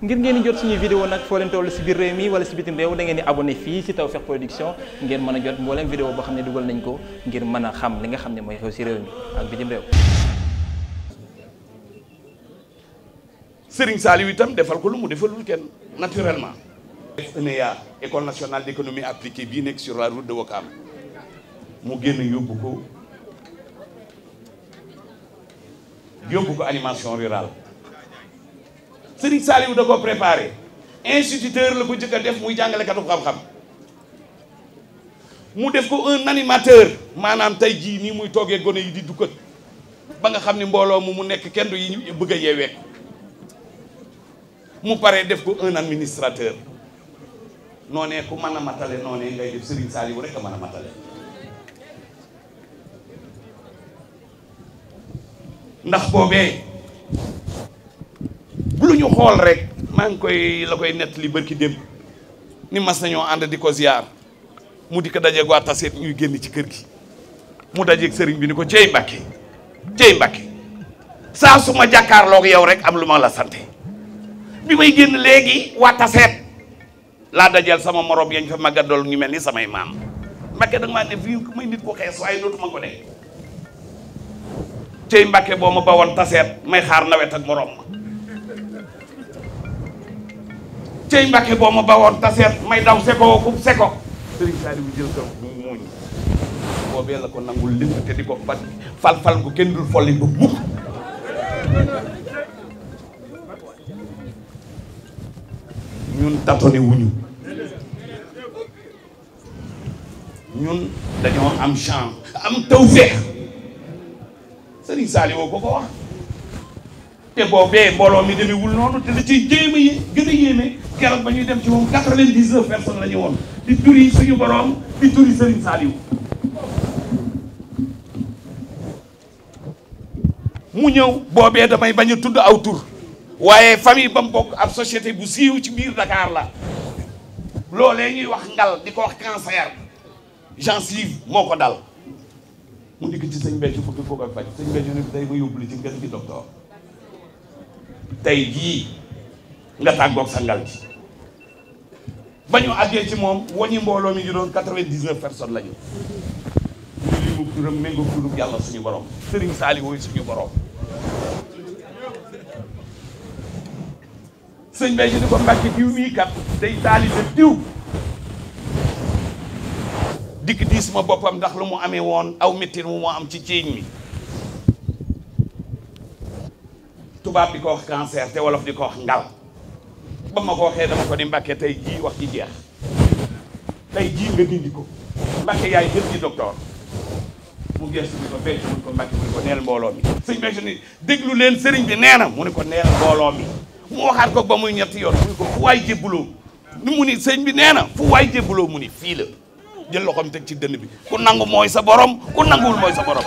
ngir ngeen di jot suñuy vidéo nag foo leen toll si biir réew mi wala si bitim réew da ngeen di fii si Tawfekh Production ngeen mën a jot mbooleem vidéo boo xam ne dugal nañ ko ngir mën a xam ni nga xam ne mooy xew si réew mi ak bitim réew Serigne Saliou itam defal ko lu mu defalul kenn naturellement ENEA école nationale d'économie appliquée bii nekk sur la route de Ouakam mu génn yóbbu ko yóbbu ko animation rurale Serigne Saliou da ko préparé instituteur la ko njëkk a def muy jàngalekatu xam-xam mu def ko un animateur maanaam tey jii nii muy toogee gone yi di dukkat ba nga xam ne mbooloo mu mu nekk kenn du yi bëgg a yeewee mu paree def ko un administrateur noonee ku mën a matale noonee ngay def Serigne Saliou rek a mën a matale ndax boobee lu ñu xool rek maa ngi koy la koy nett li bërki démb ni mas nañoo ànd di ko ziar mu di ko dajeeg waa taseet ñuy génn ci kër gi mu dajeeg sëriñ bi ni ko cey Mbàkke cey Mbàkke saa su ma jàkkaarloog yow rek am lu ma la sante bi may génn léegi waa taseet laa dajal sama morom yañ fa màggadool ñu mel ni samay maam Mbàkke da nga may nit ko xees waaye dootuma ko de boo ma bawoon taseet may xaar nawet ak moroom ma cey Mbàkke boo ma bawoon taseet may daw seko fu seko sëriñ Saaliwu jël ko muuñ boobee la ko nangul lépp te di ko fat fal-fal gu kenn dul folli bu mukk ñun tatone wuñu ñun dañoo am chance am tawfeex sëriñ Saaliwu ko ko wax te boobee mbooloo mi demewul noonu te la ciy jéeme yi gën a yéeme keroog ba ñuy dem ci moom quatre-vingt-dix-neuf personnes la woon di turi suñu boroom di turi Serigne Saliou mu ñëw boobee damay bañ a tudd aw tur waaye famille ba mu bokk ab société bu siiw ci biir Dakar la loolee ñuy wax ngal di ko wax cancer Jean Sive moo ko dal mu dikk ci sëñ Béthio fukki foo koy faj sëñ Béthio ni tey ma yóbbu li ci ngeen gi docteur tey jii nga tàggoog sa ngal ji ba ñu àggee ci moom wañi mbooloo mi ñu doon quatre-vingt-dix-neuf personnes la yàlla suñu borom sëriñ saali wooyu suñu borom sëñ bay ñu ni ko mbàcke diw mii kat day taalibe diw dikk diis ma boppam ndax lu mu amee woon aw mettit mu moo am ci ciiñ mi tubaab di ko wax cancer te wolof di ko wax ngal ba ma ko waxee dama ko ni Mbàkke tey jii wax ci jeex tey jii nga dindi ko yaay jël ci docteur mu gëstu bi ko ko Mbàkke mu ne ko neel mbooloo mi sëñ ni déglu leen sëriñ bi nee na mu ni ko neel mbooloo mi mu waxaat ko ba ñetti yoon mu ne ko fu waay jébbuloo ni mu ni sëñ bi nee na fu waay jébbuloo mu ni fii la jël loxoom teg ci dënn bi ku nangu mooy sa borom ku nanguwul mooy sa borom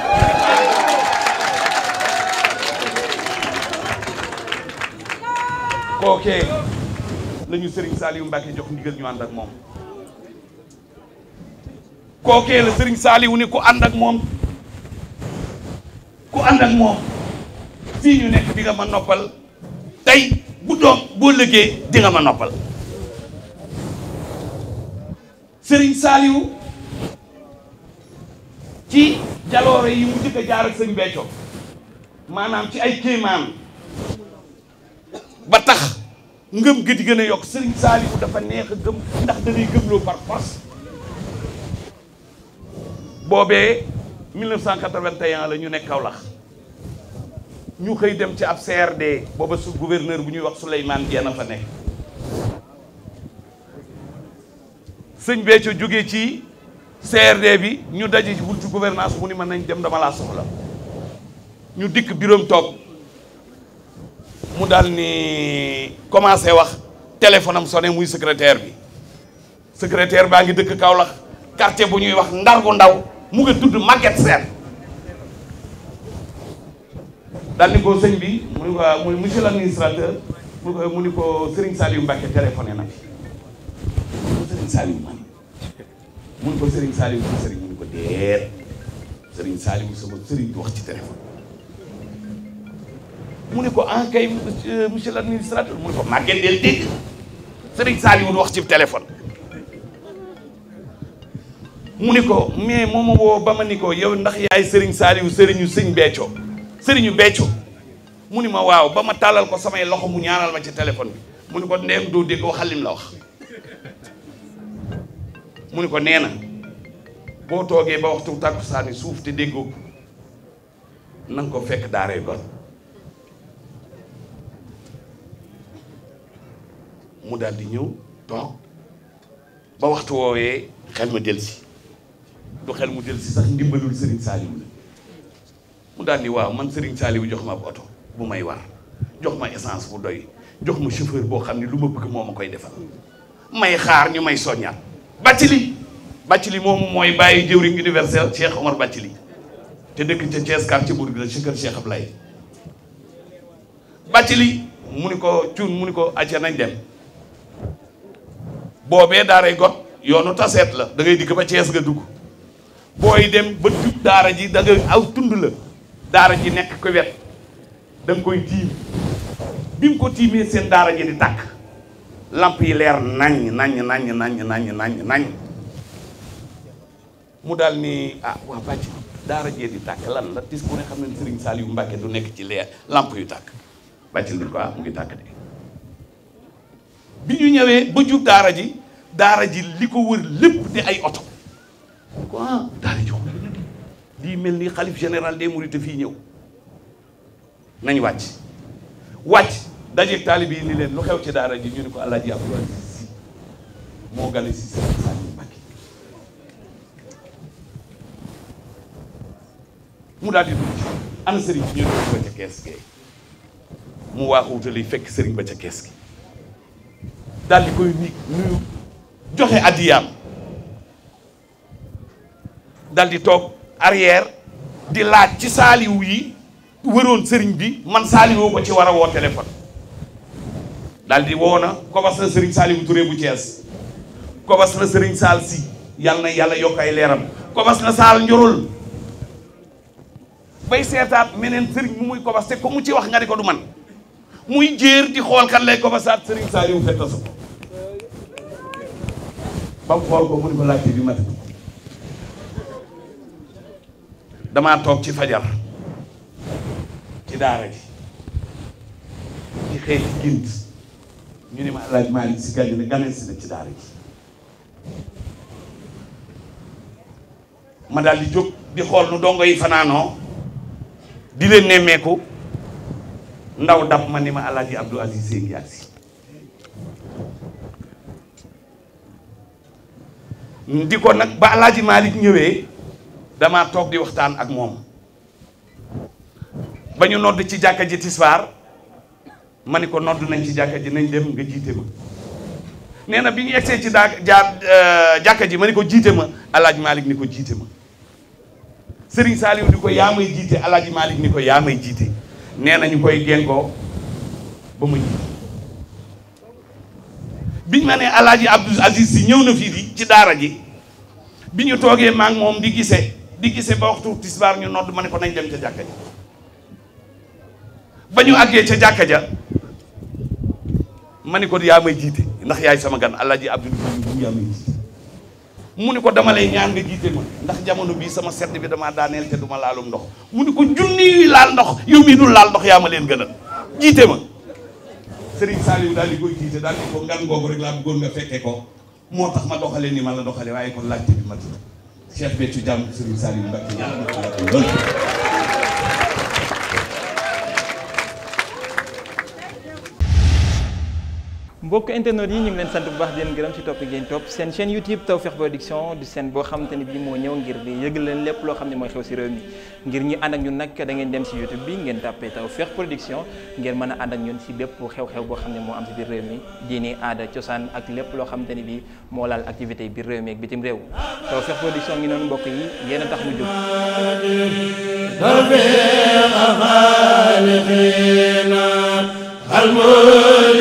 kookee lañu ñu Serigne Saliou Mbacke jox ndigal ñu ànd ak moom kookee la Serigne Saliou ni ku ànd ak moom ku ànd ak moom fii ñu nekk di ma noppal tey bu doom boo lëggee di ma noppal Serigne Saliou ci jaloore yi mu jëkk jaar ak sëñ Béthio maanaam ci ay kéemaan ba tax ngëm gi di gën a yokk Serigne Saliou dafa neex a gëm ndax danay gëmloo par force boobee 1981 la ñu nekk Kaolack ñu xëy dem ci ab CRD booba su gouverneur bu ñuy wax Souleymane Dieng a fa nekk sëñ Béthio jógee ci CRD bi ñu daje ci buntu gouvernance mu ni mën nañ dem dama laa soxla ñu dikk biroom toog mu daal ni commencé wax téléphone am sonné muy secrétaire bi secrétaire baa ngi dëkk Kaolack quartier bu ñuy wax ndar Ndargu Ndaw mu ngi tudd Maguette Sène daal ni ko sëñ bi mu ni ko mu monsieur l' administrateur mu ko mu ni ko Serigne Saliou Mbacké téléphoné na ko Serigne mu ni ko Serigne Saliou sama Serigne mu ni ko déet Serigne Saliou sama Serigne di wax ci téléphone mu ne ko en ah, kay euh, monsieur l' administrateur mu ne ko màggeen deel dégg Serigne Saliou wax ci téléphone mu ni ko mais mooma woo ba ma ni ko yow ndax yaay Serigne Saliou Serigne sëriñu Becco sëriñu Becco mu ni ma waaw ba ma tàllal ko samay loxo mu ñaanal ma ci téléphone bi mu ni ko ndeem doo dégg waxal lim la mu ni ko nee na boo toogee ba waxtu tàkkusaani suuf te déggoo na nga ko fekk daaree gor mu daal di ñëw toog ba waxtu woowee xel ma del si du xel mu del si sax ndimbalul Serigne Saliou la mu daal di waaw man Serigne Saliou jox ma ab oto bu may war jox ma essence bu doy jox ma chauffeur boo xam ne lu ma bëgg moo ma koy defal may xaar ñu may soññal bacci li moom mooy bàyyi jëwriñ universel Cheikh Omar li te dëkk ca Thiès quartier Bourguiba ci kër Cheikh Ablaye Bathily mu ni ko cuun mu ni ko acca nañ dem boobee daaray got yoonu taseet la da ngay dikk ba Cees nga dugg booy dem ba jub daara ji da aw tund la daara ji nekk ko wet da koy tiim bi mu ko tiimee seen daara ji di tàkk lamp yi leer naññ naññ naññ naññ naññ naññ naññ mu daal ni ah waa bàcc daara jee tàkk lan la tis ku ne xam ne Serigne Saliou Mbacke du nekk ci leer lamp yu tàkk bàcc nañ ah, mu ngi tàkk de bi ñu ñëwee ba jub daara ji daara ji li ko wër lépp di ay oto quoi lii mel ni xalif général de mourides fii ñëw nañ wàcc wàcc daje taalib yi ni leen lu xew ci daara ji ñu ni ko Alaaji Abdou Aziz Si moo gale si seen Saliou Mbacké mu daal di dugg ana sëriñ bi ñu dugg ba ca kees gi mu waaxu wutali fekk sëriñ ba ca kees gi daal koy ni nuyu joxe addiyaam dal di toog arrière di laaj ci saaliwu yi wëroon sëriñ bi man saaliwoo ko ci war a woo téléphone daldi di woo na kobas na sëriñ saaliwu Touré bu Thiès kobas na sëriñ saal si yàlla na yàlla yokk ay leeram kobas na saal njurul bay seetaat meneen sëriñ bu muy kobas te ko mu ci wax nga di ko du man muy jéer di xool kan lay kobasaat sëriñ saaliwu fettasu ko ba mu xool ko mu ne ko laajte bi matul damaa toog ci fajar ci daara ji ci xeeti gént ñu ne ma laaj Malick si gàññi ne si na ci daara ji ma daal di jóg di xool nu dongo yi fanaanoo di leen nemmeeku ndaw dab ma ni ma alaaji Abdou Aziz Sy ngi agsi di ko nag ba alaaji Malick ñëwee damaa toog di waxtaan ak moom ba ñu nodd ci jàkka ji tisbaar ma ni ko nodd nañ ci jàkka ji nañ dem nga jiite ma nee na bi ñu egsee ci daa ja euh, jàkka ji ma ni ko jiite ma alaaji Malick ni ko jiite ma Serigne Saliou di ko yaa may jiite alaaji Malick ni ko yaa may jiite nee na ñu koy gengoo ba ma jiite biñ ma ne alaaji Abdou Aziz si ñëw na fii di ci daara ji bi ñu toogee maa moom di gise di gise ba waxtu tisbaar ñu nodd ma ne ko nañ dem ca jàkka ja ba ñu àggee ca jàkka ja ma ne ko yaa may jiite ndax yaay sama gan alaaji Abdou yaa mu ni ko dama lay ñaan nga jiite ma ndax jamono bii sama sedd bi dama daaneel te duma laalum ndox mu ni ko junni yuy laal ndox yow mii dul laal ndox yaa ma leen gënal jiite ma Serigne Saliou daal di koy jiite daal di ko ngan googu rek laa bëggoon nga fekkee ko moo tax ma doxalee ni ma la doxalee waaye kon laajte bi mat la Cheikh Béthio jàmm Serigne Saliou Mbacké yàlla na ko yàlla lool mbokk internet yi ñu ngi leen sant bu baax di leen gërëm ci topp ngeen topp seen chaîne YouTube Tawfekh Production du seen boo xamante ne bii moo ñëw ngir di yëgal lépp loo xam ne mooy xew ci réew mi ngir ñu ànd ak ñun nag da ngeen dem ci YouTube bi ngeen tàppee Tawfekh Production a Production ngi noonu mbokk yi yéen a tax mu jóg.